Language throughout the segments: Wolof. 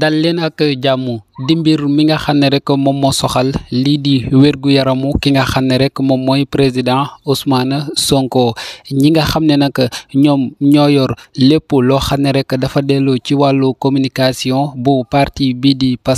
dal leen ak jàmm di mbir mi nga xam ne rek moom moo soxal lii di wérgu yaramu ki nga xam ne rek moom mooy président Ousmane Sonko ñi nga xam ne nag ñoom ñoo yor lépp loo xam ne rek dafa dellu ci wàllu communication bu parti bi di fa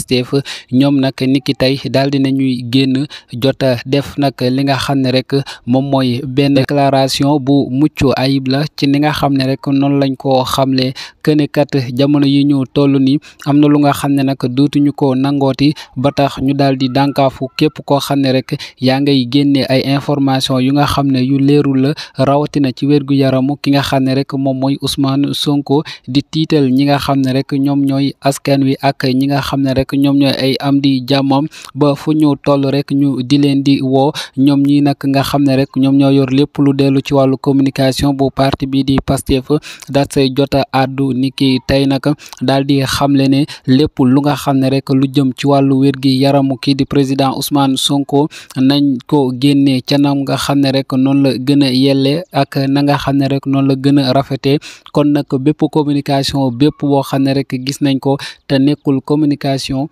ñoom nag niki tey daal di ñuy génn jot a def nag li nga xam ne rek moom mooy benn déclaration bu mucc ayib la ci ni nga xam ne rek noonu lañ ko xamle kënekat jamono yi ñu toll ni am na lu nga xam ne nag dootuñu ko koo nangooti ba tax ñu daal di dànkaafu képp koo xam ne rek yaa ngay génnee ay information yu nga xam ne yu leerul la rawatina ci wérgu yaramu ki nga xam ne rek moom mooy Ousmane Sonko di tiital ñi nga xam ne rek ñoom ñooy askan wi ak ñi nga xam ne rek ñoom ñooy ay am di jàmmam ba fu ñu toll rek ñu di leen di woo ñoom ñi nag nga xam ne rek ñoom ñoo yor lépp lu dellu ci wàllu communication bu parti bi di Pastef daat say jota addu niki tey nag daal di xamle lépp lu nga xam ne rek lu jëm ci wàllu wér gi yaramu kii di président Ousmane Sonko nañ ko génnee ca nam nga xam ne rek noonu la gën a yelle ak na nga xam ne rek noonu la gën a rafetee kon nag bépp communication bépp boo xam ne rek gis nañ ko te nekkul communication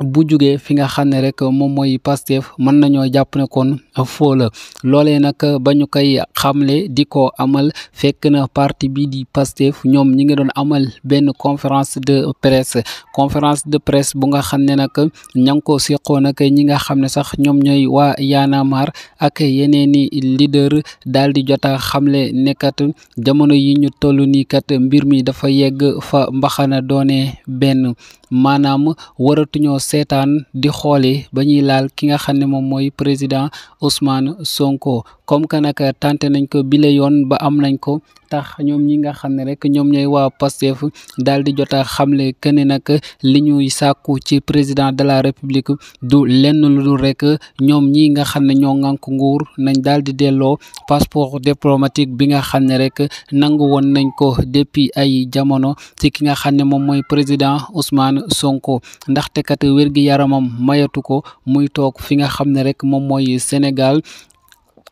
bu jógee fi nga xam ne rek moom mooy Pastef mën nañoo jàpp ne kon foo la loolee nag ba ñu koy xamle di ko amal fekk na parti bi di Pastef ñoom ñi ngi doon amal benn conférence de presse conférence de presse bu nga xam ne nag ña ngi ko seqoon nag ñi nga xam ne sax ñoom ñooy waa yaanamar ak yeneen i leader daal di jot xamle nekkat jamono yi ñu toll nii kat mbir mi dafa yegg fa mbaxana doone benn maanaam waratuñoo seetaan di xoole ba ñuy laal ki nga xam ne moom mooy président Ousmane Sonko comme que nag tante nañ ko bile yoon ba am nañ ko tax ñoom ñi nga xam ne rek ñoom ñooy waa Pastef daal di jot a xamle que ne nag li ñuy sàkku ci président de la république du lenn lu rek ñoom ñi nga xam ne ñoo ŋànk nguur nañ daal di delloo passeport diplomatique bi nga xam ne rek nangu woon nañ ko depuis ay jamono ci ki nga xam ne moom mooy président Ousmane Sonko ndaxte kat wér gi yaramam mayatu ko muy toog fi nga xam ne rek moom mooy Sénégal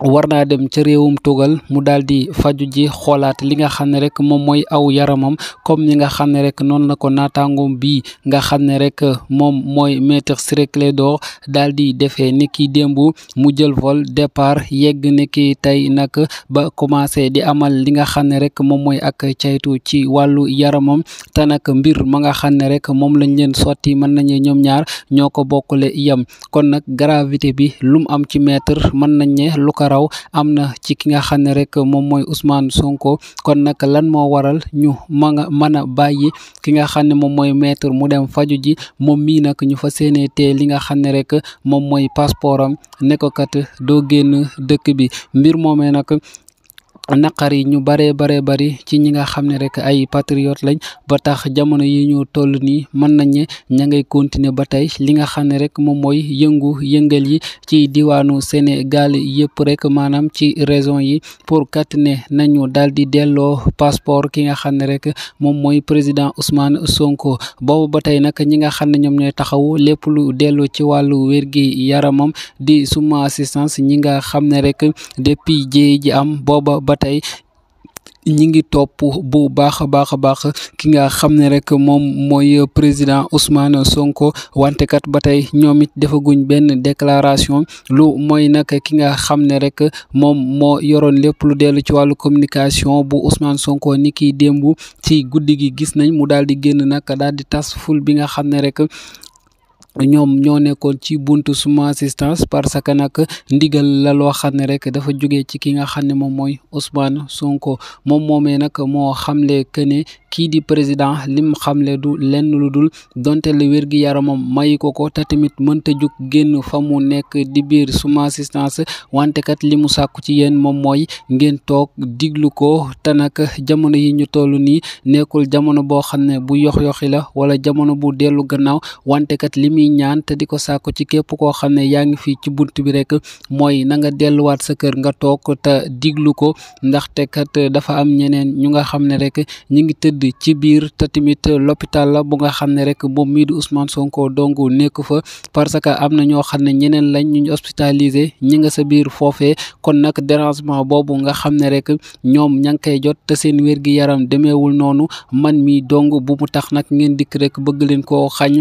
war naa dem ca réewum tugal mu daal di faju ji xoolaat li nga xam ne rek moom mooy aw yaramam comme ni nga xam ne rek noonu na ko naataangoom bii nga xam ne rek moom mooy maître Ciré Clédor daal di defee ni ki démb mu jël vol départ yegg ni ki tey nag ba commencé di amal li nga xam ne rek moom mooy ak caytu ci wàllu yaramam te nag mbir ma nga xam ne rek moom lañ leen sotti mën nañe ñoom ñaar ñoo ko bokkule yem kon nag gravité bi lum am ci maître mën nañ ne ka raw am na ci ki nga xam ne rek moom mooy Ousmane Sonko kon nag lan moo waral ñu ma nga mën a bàyyi ki nga xam ne moom mooy maître mu dem faju ji moom mii nag ñu fa séenee te li nga xam ne rek moom mooy passeport am kat doo génn dëkk bi mbir moomee nag naqar yi ñu baree baree bari ci ñi nga xam ne rek ay patriote lañ ba tax jamono yi ñu toll nii mën nañ ne ña ngay continuer ba tey li nga xam ne rek moom mooy yëngu yëngal yi ci diwaanu Sénégal yëpp rek maanaam ci raison yi pour kat ne nañu daal di delloo passeport ki nga xam ne rek moom mooy président Ousmane Sonko boobu ba tey nag ñi nga xam ne ñoom ñooy taxawu lépp lu delloo ci wàllu wér gi yaramam di suma assistance ñi nga xam ne rek depuis jéey ji am booba tey ñi ngi topp bu baax a baax a baax ki nga xam ne rek moom mooy président Ousmane Sonko wante kat ba tey ñoom it defaguñ benn déclaration lu mooy nag ki nga xam ne rek moom moo yoroon lépp lu dellu ci wàllu communication bu usmaan Sonko ni kiy démb ci guddi gi gis nañ mu daal di génn nag daal di tas ful bi nga xam ne rek ñoom ñoo nekkoon ci buntu suma assistance parce que nag ndigal la loo xam ne rek dafa jógee ci ki nga xam ne moom mooy Ousmane Sonko moom moomee nag moo xamle que ne kii di président lim xamle du lenn lu dul donte le wér gi yaramam mayu ko ko te tamit mënta jug génn fa mu nekk di biir suma assistance wantekat kat li mu sàkku ci yéen moom mooy ngeen toog diglu ko te nag jamono yi ñu toll nii nekkul jamono boo xam ne bu yox-yoxi la wala jamono bu dellu gannaaw wantekat kat li muy ñaan te di ko sàkku ci kepp koo xam ne yaa ngi fii ci bunt bi rek mooy na nga delluwaat sa kër nga toog te diglu ko ndaxte kat dafa am ñeneen ñu di ci biir te tamit l'hôpital la bu nga xam ne rek moom mii di Ousmane Sonko dong nekk fa parce que am na ñoo xam ne ñeneen lañ ñu hospitalisé ñi nga sa biir foofee kon nag dérangement boobu nga xam ne rek ñoom ña ngi koy jot te seen wér gi yaram demewul noonu man mi dong bu mu tax nag ngeen dikk rek bëgg leen ko xañ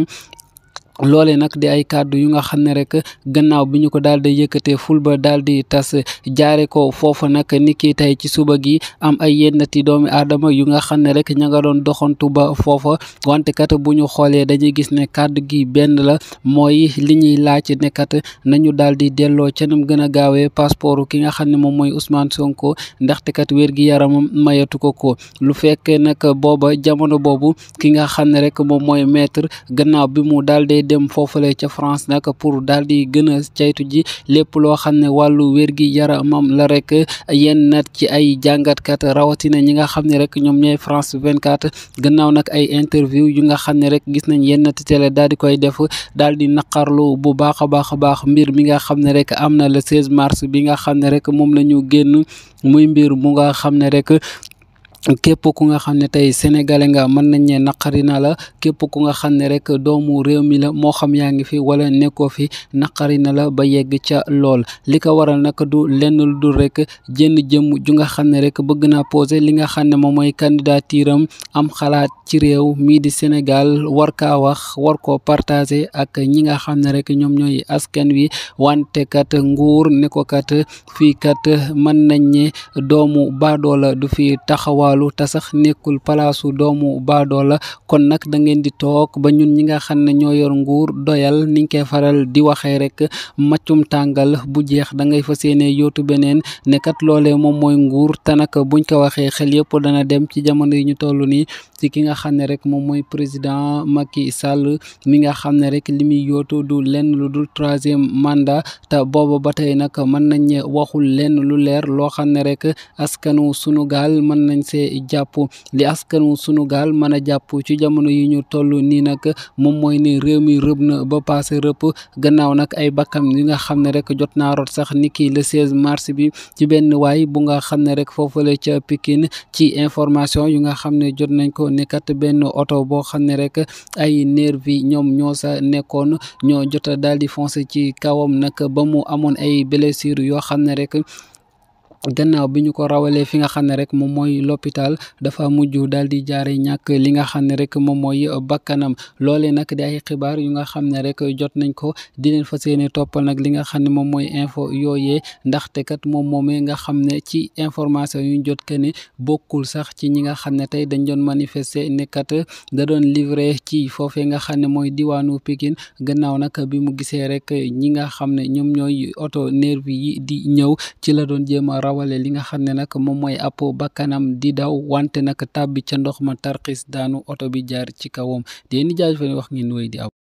loole nag di ay kàddu yu nga xam ne rek gannaaw bi ñu ko daal di yëkkatee ful ba daal di tas jaare ko foofa nag ni kii tey ci suba gi am ay yennati doomi aadama yu nga xam ne rek ña nga doon doxantu ba foofa wante kat bu ñu xoolee dañuy gis ne kàddu gi benn la mooy li ñuy laaj nekkat nañu daal di delloo ca nam gën a gaawee passeport ki nga xam ne moom mooy Ousmane Sonko ndaxte kat wér gi yaramam mayatu ko ko lu fekk nag booba jamono boobu ki nga xam ne rek dem foofule ca France nag pour daal di gën a caytu ji lépp loo xam ne wàllu wér gi yaramam la rek yenn nat ci ay jàngatkat rawatina ñi nga xam ne rek ñoom ñooy France vingt 24 gannaaw nag ay interview yu nga xam ne rek gis nañ yenn nat tele daal di koy def daal di naqarlu bu baax a baax a baax mbir mi nga xam ne rek am na le 16 mars bi nga xam ne rek moom la ñu génn muy mbir mu nga xam ne rek képp ku nga xam ne tey sénégalais nga mën nañ ne naqari na la képp ku nga xam ne rek doomu réew mi la moo xam yaa ngi fi wala nekkoo fi naqari na la ba yegg ca lool li ko waral nag du lenn dul rek jënn jëm ju nga xam ne rek bëgg naa poser li nga xam ne moom mooy candidature am am xalaat ci réew mii di Sénégal war kaa wax war koo partagé ak ñi nga xam ne rek ñoom ñooy askan wi wante kat nguur ne ko kat fii kat mën nañ ne doomu baadoo la du fi taxawal taxawalu te sax nekkul palaasu doomu baadoo la kon nag da ngeen di toog ba ñun ñi nga xam ne ñoo yor nguur doyal niñ koy faral di waxee rek maccum tàngal bu jeex da ngay fas yéene yootu beneen ne kat loolee moom mooy nguur ta nag buñ ko waxee xel yëpp dana dem ci jamono yi ñu toll nii ci ki nga xam ne rek moom mooy président Macky Sall mi nga xam ne rek li muy yootu du lenn lu dul troisième mandat te booba ba tey nag mën nañ waxul lenn lu leer loo xam ne rek askanu commencé jàpp li askanu sunu gaal mën a jàpp ci jamono yi ñu toll nii nag moom mooy ne réew mi rëb na ba passé rëpp gannaaw nag ay bakkan yi nga xam ne rek jot naa rot sax ni ki le 16 mars bi ci benn waay bu nga xam ne rek foofule ca Pikine ci information yi nga xam ne jot nañ ko nekkat benn oto boo xam ne rek ay nervi ñoom ñoo sa nekkoon ñoo jot daal di foncé ci kawam nag ba mu amoon ay blessure yoo xam ne rek gannaaw bi ñu ko rawalee fi nga xam ne rek moom mooy l'hôpital dafa mujj daal di jaare ñàkk li nga xam ne rek moom mooy bakkanam loolee nag di ay xibaar yu nga xam ne rek jot nañ ko di leen fas yéene toppal nag li nga xam ne moom mooy info yooyee ndaxte kat moom moomee nga xam ne ci information yu jot ke ne bokkul sax ci ñi nga xam ne tey dañ doon manifester nekkat da doon livré ci foofee nga xam ne mooy diwaanu Pikine gannaaw nag bi mu gisee rek ñi nga xam ne ñoom ñooy oto nervi yi di ñëw ci la doon jéem raw jaawale li nga xam ne nag moom mooy ab bakkanam di daw wante nag tàbbi ca ndox ma tarxis daanu oto bi jaar ci kawam di leen di jaajëfal wax ngeen wéy di ab